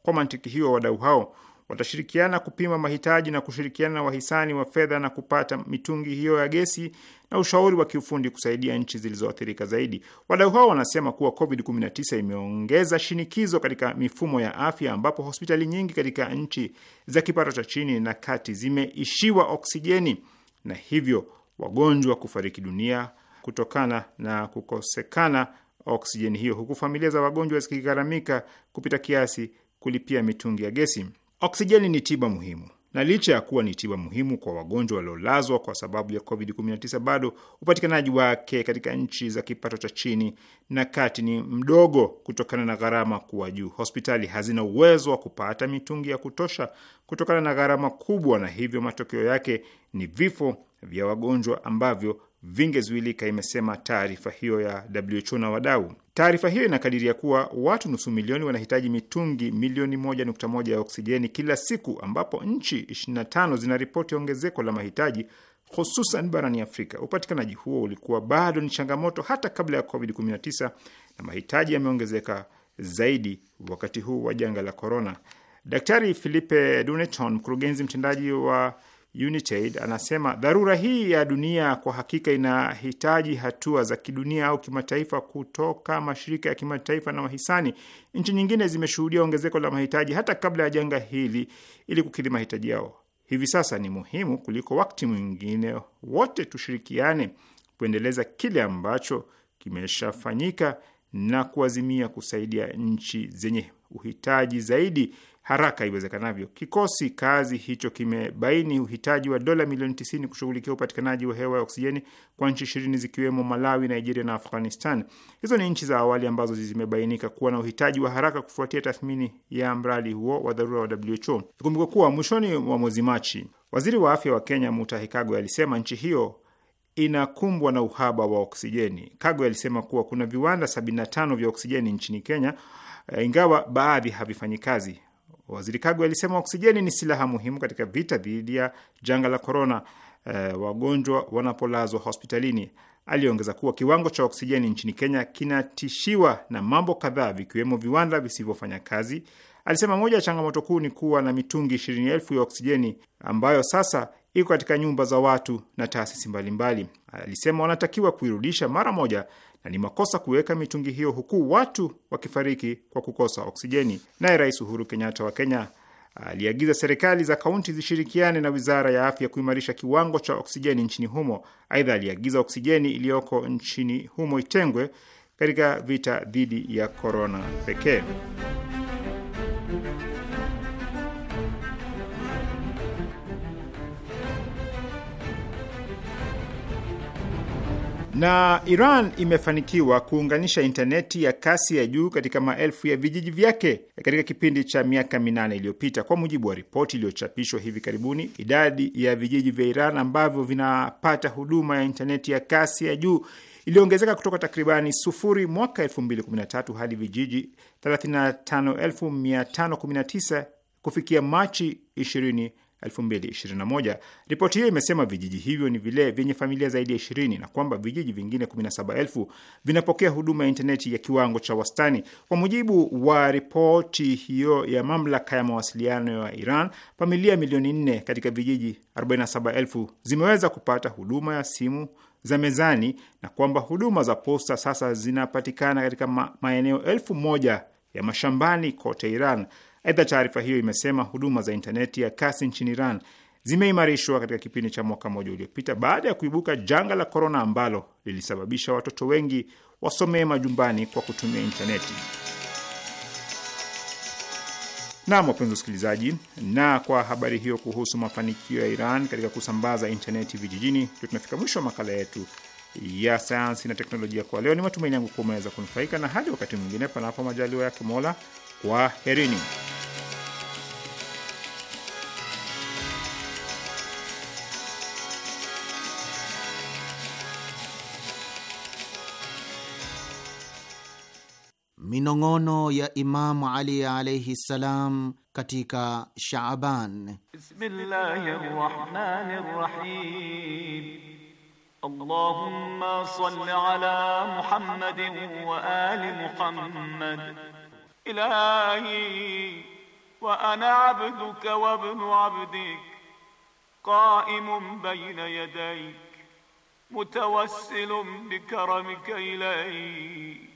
Kwa mantiki hiyo, wadau hao watashirikiana kupima mahitaji na kushirikiana na wahisani wa fedha na kupata mitungi hiyo ya gesi na ushauri wa kiufundi kusaidia nchi zilizoathirika zaidi. Wadau hao wanasema kuwa COVID-19 imeongeza shinikizo katika mifumo ya afya, ambapo hospitali nyingi katika nchi za kipato cha chini na kati zimeishiwa oksijeni na hivyo wagonjwa kufariki dunia kutokana na kukosekana oksijeni hiyo, huku familia za wagonjwa zikigharamika kupita kiasi kulipia mitungi ya gesi. Oksijeni ni tiba muhimu, na licha ya kuwa ni tiba muhimu kwa wagonjwa waliolazwa kwa sababu ya COVID-19, bado upatikanaji wake katika nchi za kipato cha chini na kati ni mdogo kutokana na gharama kuwa juu. Hospitali hazina uwezo wa kupata mitungi ya kutosha kutokana na gharama kubwa, na hivyo matokeo yake ni vifo vya wagonjwa ambavyo vingezuilika, imesema taarifa hiyo ya WHO na wadau. Taarifa hiyo inakadiria kuwa watu nusu milioni wanahitaji mitungi milioni moja nukta moja ya oksijeni kila siku, ambapo nchi 25 zinaripoti ongezeko la mahitaji hususan barani Afrika. Upatikanaji huo ulikuwa bado ni changamoto hata kabla ya COVID-19 na mahitaji yameongezeka zaidi wakati huu wa janga la korona. Daktari Philippe Duneton, mkurugenzi mtendaji wa United anasema dharura hii ya dunia kwa hakika inahitaji hatua za kidunia au kimataifa kutoka mashirika ya kimataifa na wahisani. Nchi nyingine zimeshuhudia ongezeko la mahitaji hata kabla ya janga hili, ili kukidhi mahitaji yao. Hivi sasa ni muhimu kuliko wakati mwingine wote, tushirikiane kuendeleza kile ambacho kimeshafanyika na kuazimia kusaidia nchi zenye uhitaji zaidi haraka iwezekanavyo. Kikosi kazi hicho kimebaini uhitaji wa dola milioni t kushughulikia upatikanaji wa hewa ya oksijeni kwa nchi ishirini zikiwemo Malawi, Nigeria na Afghanistan. Hizo ni nchi za awali ambazo zimebainika kuwa na uhitaji wa haraka kufuatia tathmini ya mradi huo wa dharura wa WHO. Ikumbukwe kuwa mwishoni mwa mwezi Machi, waziri wa afya wa Kenya Mutahi Kagwe alisema nchi hiyo inakumbwa na uhaba wa oksijeni. Kagwe alisema kuwa kuna viwanda 75 vya oksijeni nchini Kenya, eh, ingawa baadhi havifanyi kazi. Waziri Kagwe alisema oksijeni ni silaha muhimu katika vita dhidi ya janga la korona e, eh, wagonjwa wanapolazwa hospitalini. Aliongeza kuwa kiwango cha oksijeni nchini Kenya kinatishiwa na mambo kadhaa, vikiwemo viwanda visivyofanya kazi. Alisema moja ya changamoto kuu ni kuwa na mitungi ishirini elfu ya oksijeni ambayo sasa iko katika nyumba za watu na taasisi mbalimbali. Alisema wanatakiwa kuirudisha mara moja na ni makosa kuweka mitungi hiyo huku watu wakifariki kwa kukosa oksijeni. Naye Rais Uhuru Kenyatta wa Kenya aliagiza serikali za kaunti zishirikiane na wizara ya afya kuimarisha kiwango cha oksijeni nchini humo. Aidha, aliagiza oksijeni iliyoko nchini humo itengwe katika vita dhidi ya korona pekee. na Iran imefanikiwa kuunganisha intaneti ya kasi ya juu katika maelfu ya vijiji vyake katika kipindi cha miaka minane iliyopita. Kwa mujibu wa ripoti iliyochapishwa hivi karibuni, idadi ya vijiji vya Iran ambavyo vinapata huduma ya intaneti ya kasi ya juu iliongezeka kutoka takribani sufuri mwaka 2013 hadi vijiji 35519 kufikia Machi 2021. Ripoti hiyo imesema vijiji hivyo ni vile vyenye familia zaidi ya 20 na kwamba vijiji vingine 17,000 vinapokea huduma ya intaneti ya kiwango cha wastani. Kwa mujibu wa ripoti hiyo ya mamlaka ya mawasiliano ya Iran, familia milioni 4 katika vijiji 47,000 zimeweza kupata huduma ya simu za mezani na kwamba huduma za posta sasa zinapatikana katika ma maeneo elfu moja ya mashambani kote Iran. Aidha, taarifa hiyo imesema huduma za intaneti ya kasi nchini Iran zimeimarishwa katika kipindi cha mwaka mmoja uliopita baada ya kuibuka janga la korona ambalo lilisababisha watoto wengi wasomee majumbani kwa kutumia intaneti. Nam, wapenzi wasikilizaji, na kwa habari hiyo kuhusu mafanikio ya Iran katika kusambaza intaneti vijijini, ndio tunafika mwisho wa makala yetu ya sayansi na teknolojia kwa leo. Ni matumaini yangu kuwa umeweza kunufaika, na hadi wakati mwingine, panapo majaliwa yake Mola, herini minong'ono ya Imamu Ali alaihi ssalam katika Shaaban. Bismillahi Allahumma salli ala Muhammad wa ali Muhammad. Ilahi wa ana abduka wa ibnu abdik qaimun bayna yadayk mutawassilun bikaramika ilayk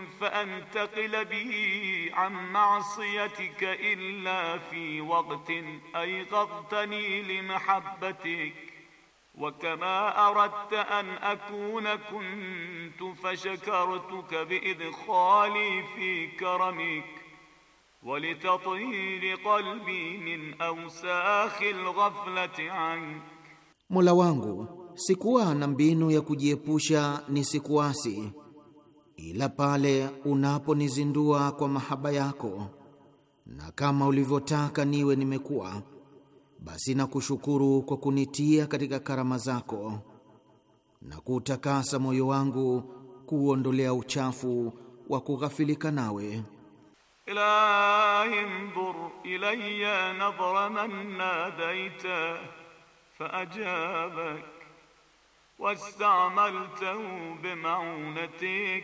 faantaqila bihi an ma'siyatika illa fi waqtin ayqadtani limahabbatik wa kama aradta an akuna kuntu fashakartuka biidkhali fi karamik walitatayyir qalbi min awsakh alghaflati ank, Mola wangu sikuwa na mbinu ya kujiepusha nisikuasi ila pale unaponizindua kwa mahaba yako, na kama ulivyotaka niwe nimekuwa, basi nakushukuru kwa kunitia katika karama zako na kuutakasa moyo wangu kuuondolea uchafu wa kughafilika nawe. Ilahi ndur ilayya nadhra man nadaita ajabak wastamaltahu bimaunatik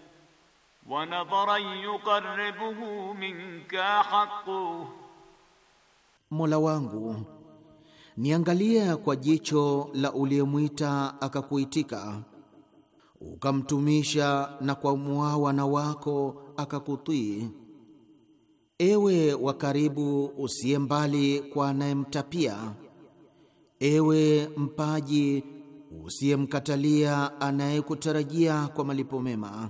ونظرا يقربه منك حقه Mola wangu niangalia kwa jicho la uliyemwita akakuitika, ukamtumisha na kwa muawana wako akakutii. Ewe wa karibu usiye mbali kwa anayemtapia, ewe mpaji usiyemkatalia anayekutarajia kwa malipo mema.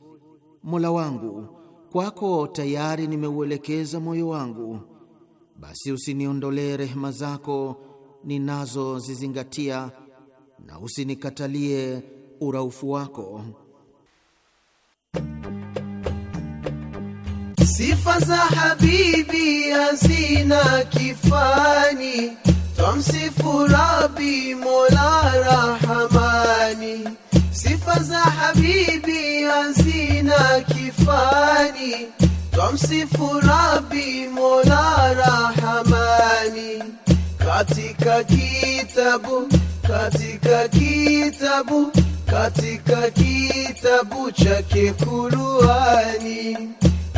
Mola wangu, kwako tayari nimeuelekeza moyo wangu, basi usiniondolee rehema zako ninazozizingatia na usinikatalie uraufu wako. Sifa za habibi hazina kifani, twamsifu Rabi Mola Rahamani. Sifa za habibi hazina kifani, twamsifu Rabbi Mola Rahamani katika kitabu, katika kitabu, katika kitabu chake Qur'ani,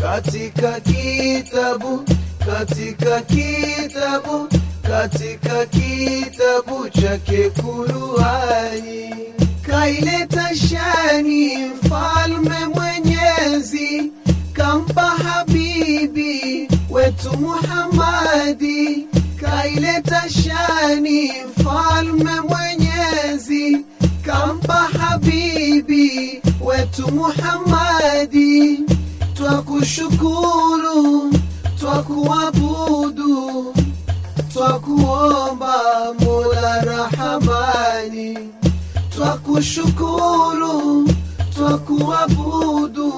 katika kitabu, katika kitabu, katika kitabu chake Qur'ani kaileta shani mfalme Mwenyezi kampa habibi wetu Muhammadi kaileta shani mfalme Mwenyezi kampa habibi wetu Muhammadi twakushukuru twakuabudu twakuomba Mola rahamani twakushukuru, twakuabudu,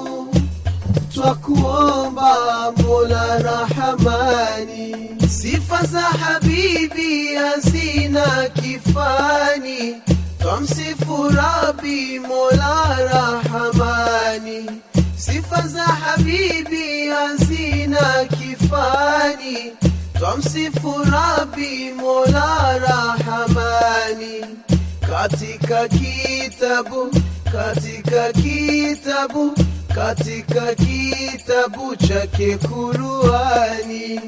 twakuomba Mola Rahamani. Sifa za habibi hazina kifani, twamsifu Rabi Mola Rahamani. Sifa za habibi hazina kifani, twamsifu Rabi Mola Rahamani katika kitabu katika kitabu katika kitabu chake Qur'ani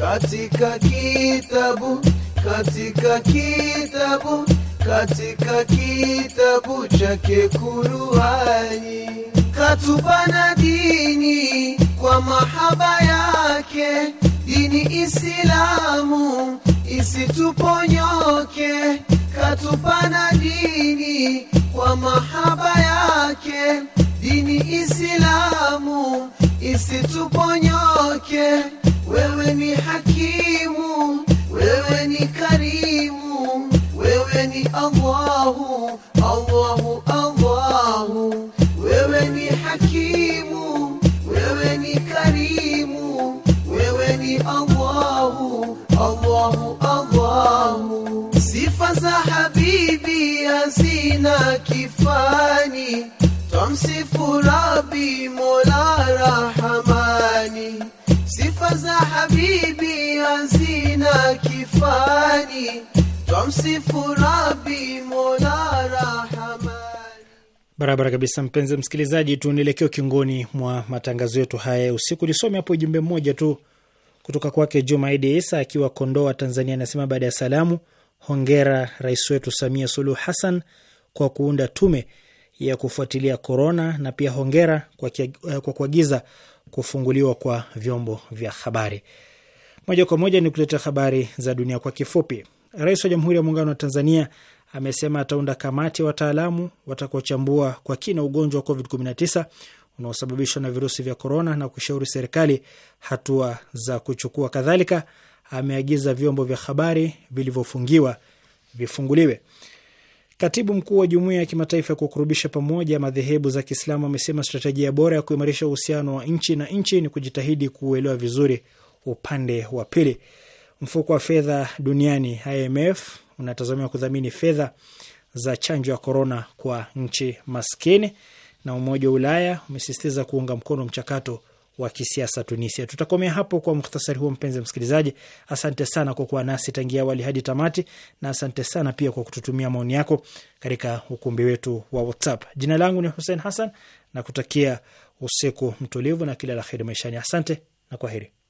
katika kitabu katika kitabu katika kitabu chake Qur'ani katubana dini kwa mahaba yake dini Islamu isituponyoke, katupana dini kwa mahaba yake, dini Islamu isituponyoke. Wewe ni hakimu, wewe ni karimu, wewe ni Allahu Allahu, Allahu. Sifa za habibi hazina kifani, tumsifu Rabbi Mola Rahamani. Sifa za habibi hazina kifani, tumsifu Rabbi Mola Rahamani. Barabara kabisa, mpenzi msikilizaji, tunaelekea ukingoni mwa matangazo yetu haya usiku. Nisome hapo ujumbe mmoja tu kutoka kwake Juma Idi Isa akiwa Kondoa, Tanzania, anasema baada ya salamu, hongera rais wetu Samia Suluhu Hassan kwa kuunda tume ya kufuatilia korona, na pia hongera eh, kwa kuagiza kufunguliwa kwa vyombo vya habari. Moja kwa moja ni kuletea habari za dunia kwa kifupi. Rais wa Jamhuri ya Muungano wa Tanzania amesema ataunda kamati ya wataalamu watakaochambua kwa kina ugonjwa wa COVID-19 unaosababishwa na virusi vya korona na kushauri serikali hatua za kuchukua. Kadhalika ameagiza vyombo vya habari vilivyofungiwa vifunguliwe. Katibu mkuu wa Jumuiya ya Kimataifa ya Kukurubisha Pamoja Madhehebu za Kiislamu amesema strategia bora ya kuimarisha uhusiano wa nchi na nchi ni kujitahidi kuuelewa vizuri upande wa pili. Mfuko wa Fedha Duniani, IMF, unatazamiwa kudhamini fedha za chanjo ya korona kwa nchi maskini na Umoja wa Ulaya umesisitiza kuunga mkono mchakato wa kisiasa Tunisia. Tutakomea hapo kwa muhtasari huo, mpenzi msikilizaji. Asante sana kwa kuwa nasi tangia awali hadi tamati, na asante sana pia kwa kututumia maoni yako katika ukumbi wetu wa WhatsApp. Jina langu ni Hussein Hassan na kutakia usiku mtulivu na kila la heri maishani. Asante na kwaheri.